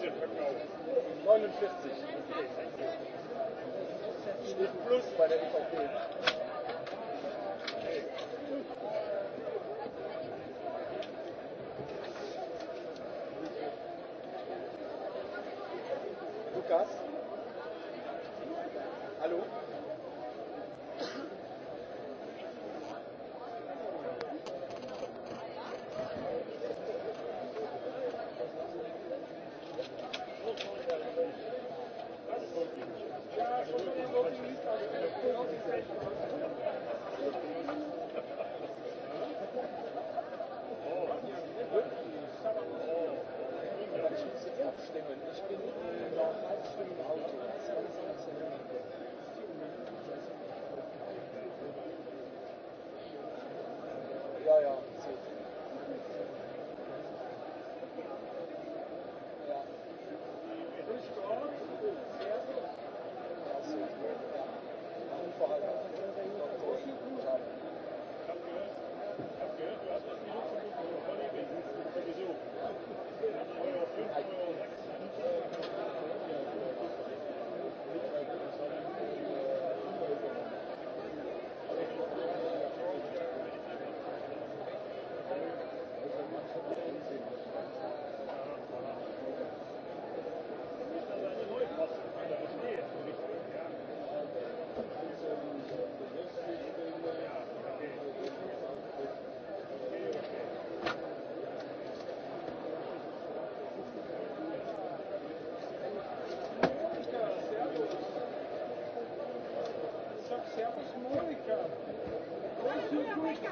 bisschen verkauft. 49. Steht plus bei der EVP. Thank you.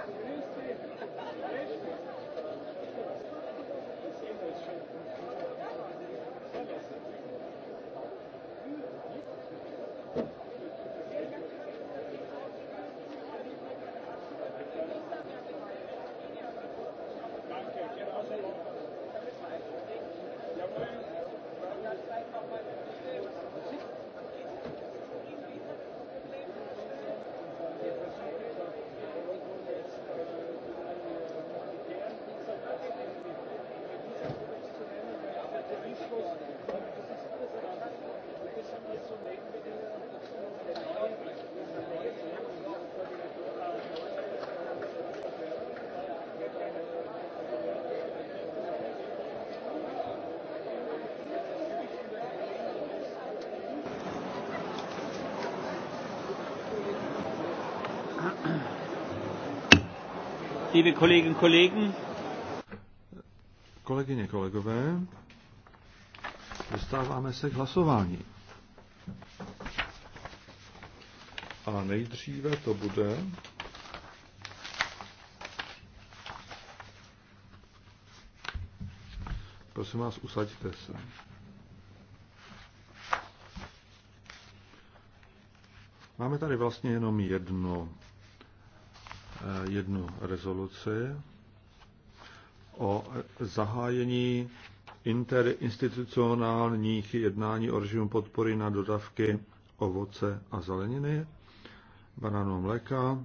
Liebe Kolleginnen und Kollegen, kolegyně, kolegové, dostáváme se k hlasování. A nejdříve to bude Prosím vás, usaďte se. Máme tady vlastně jenom jedno Eh, jednu rezoluci o zahájení interinstitucionálních jednání o režimu podpory na dodavky ovoce a zeleniny, banánu mléka,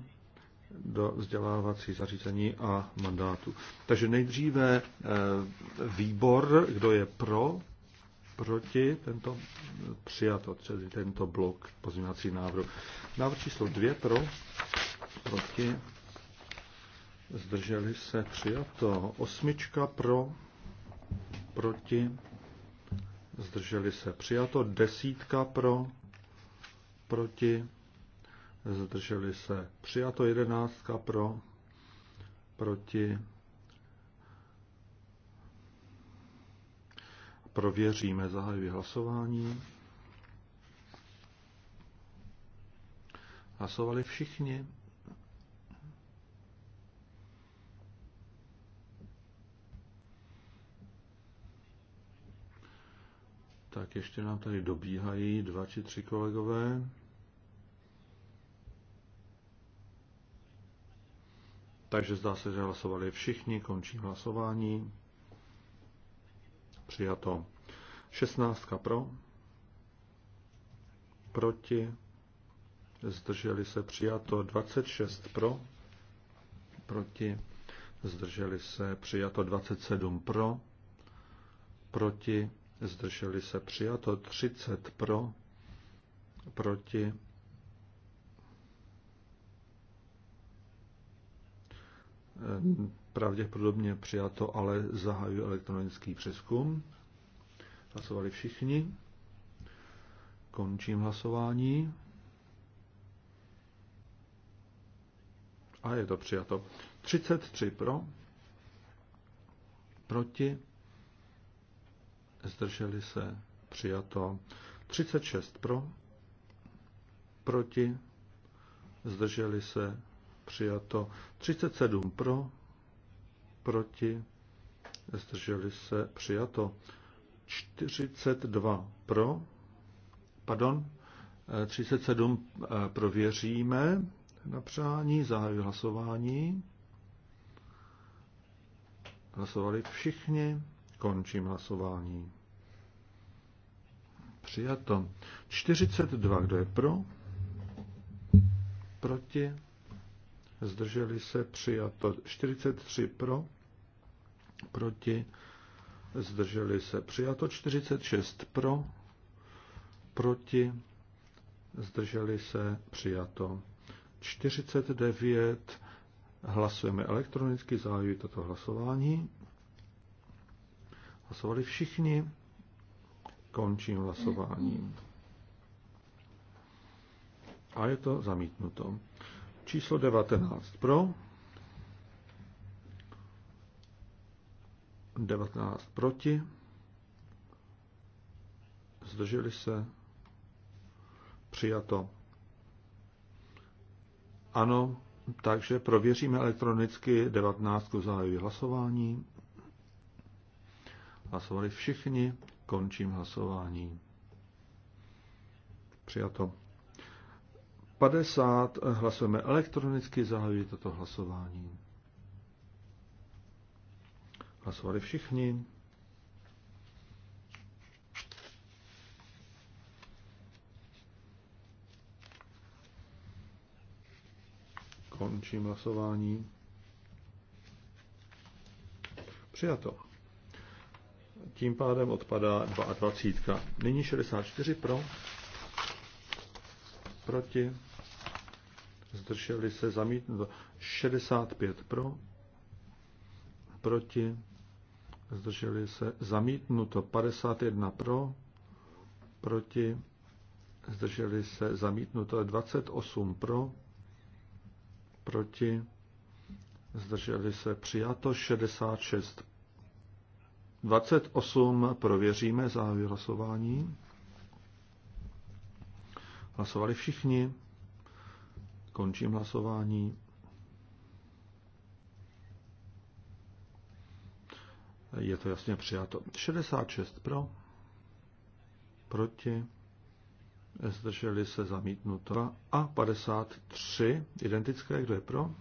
do vzdělávací zařízení a mandátu. Takže nejdříve eh, výbor, kdo je pro, proti tento přijato, tento blok pozměňovací návrhu. Návrh číslo dvě pro, proti, zdrželi se přijato. Osmička pro, proti, zdrželi se přijato. Desítka pro, proti, zdrželi se přijato. Jedenáctka pro, proti. Prověříme, zahajuji hlasování. Hlasovali všichni. Tak ještě nám tady dobíhají dva či tři kolegové. Takže zdá se, že hlasovali všichni, končí hlasování. Přijato. 16 pro, proti, zdrželi se přijato 26 pro, proti, zdrželi se přijato 27 pro, proti, zdrželi se přijato, 30 pro, proti, pravděpodobně přijato, ale zahajuji elektronický přeskum. Hlasovali všichni. Končím hlasování. A je to přijato. 33 pro, proti zdrželi se, přijato. 36 pro, proti, zdrželi se, přijato. 37 pro, proti, zdrželi se, přijato. 42 pro, pardon, 37 eh, eh, prověříme na přání, zahajuji hlasování. Hlasovali všichni. Končím hlasování. Přijato. 42. Kdo je pro? Proti? Zdrželi se. Přijato. 43. Pro? Proti? Zdrželi se. Přijato. 46. Pro? Proti? Zdrželi se. Přijato. 49. Hlasujeme elektronicky, zahajuji toto hlasování. Hlasovali všichni. Končím hlasováním. A je to zamítnuto. Číslo 19 pro. 19 proti. Zdrželi se. Přijato. Ano, takže prověříme elektronicky 19. zájevy hlasování. Hlasovali všichni. Končím hlasování. Přijato. 50 hlasujeme elektronicky, zahajuji toto hlasování. Hlasovali všichni. Končím hlasování. Přijato tím pádem odpadá 22. Nyní 64 pro, proti, zdrželi se zamítnout 65 pro, proti, zdrželi se zamítnuto 51 pro, proti, zdrželi se zamítnuto 28 pro, proti, zdrželi se přijato 66 28 prověříme za hlasování. Hlasovali všichni. Končím hlasování. Je to jasně přijato. 66 pro, proti, zdrželi se zamítnuto a 53 identické, kdo je pro,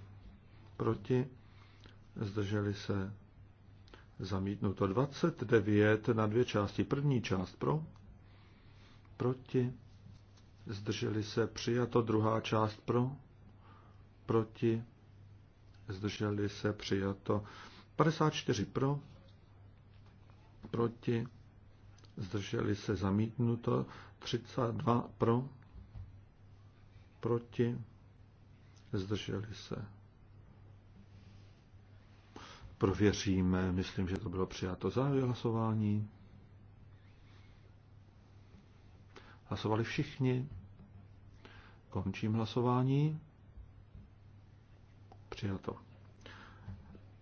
proti, zdrželi se Zamítnuto 29 na dvě části. První část pro, proti, zdrželi se přijato. Druhá část pro, proti, zdrželi se přijato. 54 pro, proti, zdrželi se zamítnuto. 32 pro, proti, zdrželi se prověříme. Myslím, že to bylo přijato za hlasování. Hlasovali všichni. Končím hlasování. Přijato.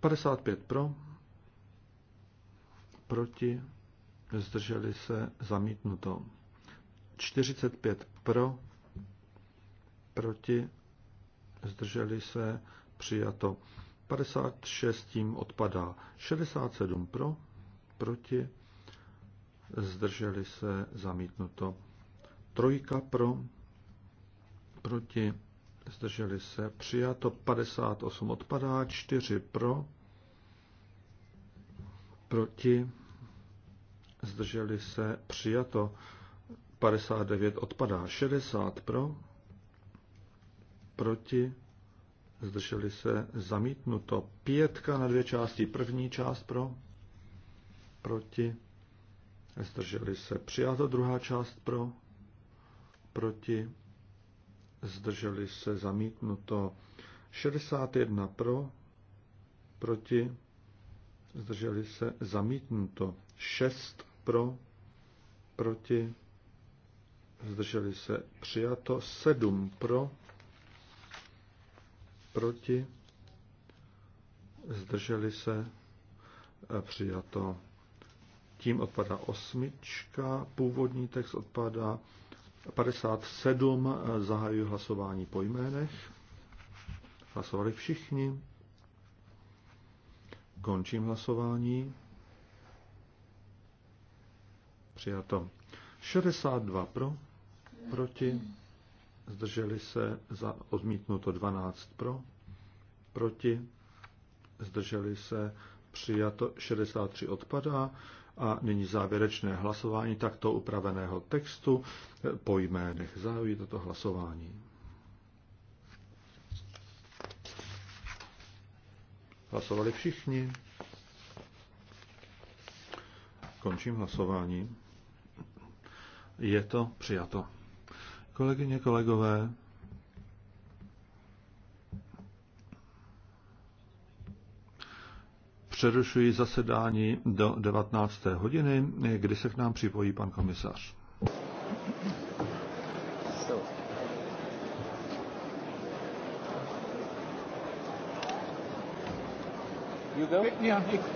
55 pro, proti, zdrželi se, zamítnuto. 45 pro, proti, zdrželi se, přijato. 56 tím odpadá. 67 pro, proti, zdrželi se, zamítnuto. Trojka pro, proti, zdrželi se, přijato. 58 odpadá, 4 pro, proti, zdrželi se, přijato. 59 odpadá, 60 pro, proti, zdrželi se zamítnuto. Pětka na dvě části. První část pro, proti, zdrželi se přijato. Druhá část pro, proti, zdrželi se zamítnuto. 61 pro, proti, zdrželi se zamítnuto. 6 pro, proti, zdrželi se přijato. 7 pro, proti, zdrželi se, e, přijato. Tím odpadá osmička, původní text odpadá 57, e, zahajuji hlasování po jménech. Hlasovali všichni. Končím hlasování. Přijato. 62 pro, proti zdrželi se za odmítnuto 12 pro, proti, zdrželi se přijato 63 odpadá a nyní závěrečné hlasování takto upraveného textu po jménech. Zahajuji toto hlasování. Hlasovali všichni. Končím hlasování. Je to přijato. Kolegyně, kolegové, přerušuji zasedání do 19. hodiny, kdy se k nám připojí pan komisař. You go? Yeah.